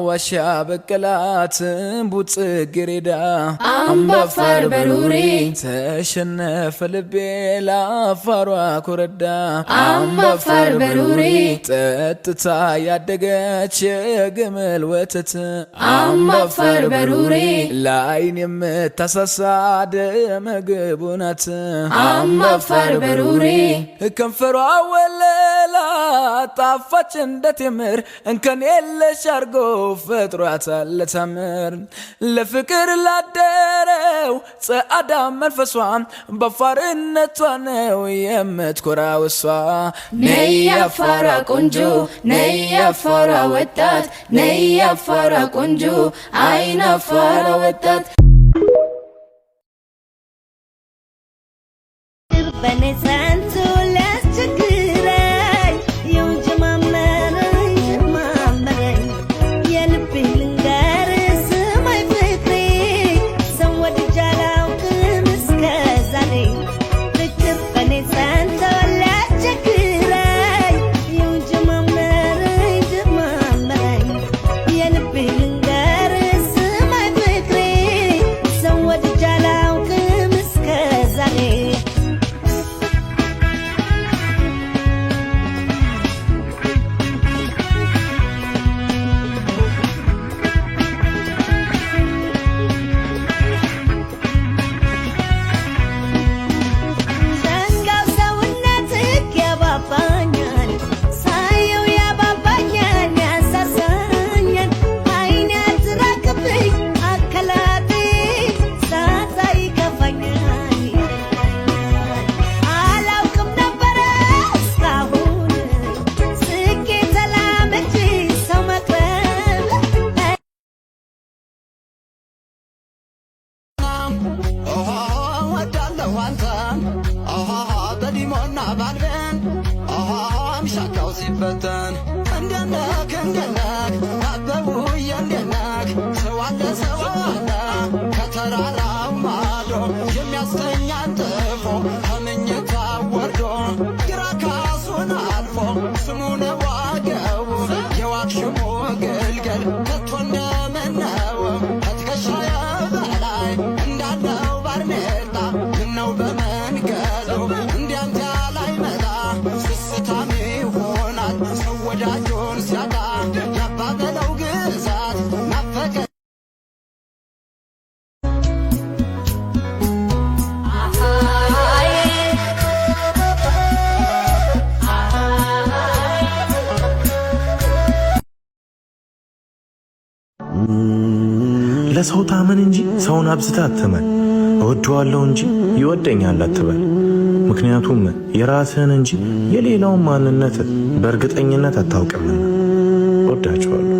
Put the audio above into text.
አዋሻ በቀላት እምቡጥ ጽጌረዳ አምባፋር በሩሬ ተሸነፈ ልቤ ለአፋሯ ኮረዳ አምባፋር በሩሬ ጠጥታ ያደገች የግመል ወተት አምባፋር በሩሬ ለአይን የምታሳሳ ደመ ግቡ አምባፋር በሩሬ ከንፈሯ ወለል ጣፋጭ እንደ ቴምር እንከን የለሽ አርጎ ፈጥሯታል ተምር ለፍቅር ላደረው ጸአዳ መንፈሷ በአፋርነቷ ነው የምትኮራ ውሷ ነይ አፋራ ቆንጆ፣ ነይ አፋራ ወጣት፣ ነይ አፋራ ቆንጆ፣ አይን አፋራ ወጣት በነፃንቱ ሰላም ሻካው ሲበተን እንደናክ እንደናክ አበቡዬ እንደናክ ሰው አለ ሰው አለ ከተራራው ማዶ የሚያስተኛን ጥፎ ከምኝታ ወርዶ ግራ ካሱን አልፎ ስሙ ነዋገቡ የዋክሽሞ ግልገል ከቶነ ለሰው ታመን እንጂ ሰውን አብዝታ አትመን። እወደዋለሁ እንጂ ይወደኛል አትበል። ምክንያቱም የራስህን እንጂ የሌላውን ማንነት በእርግጠኝነት አታውቅምና። ወዳችኋለሁ።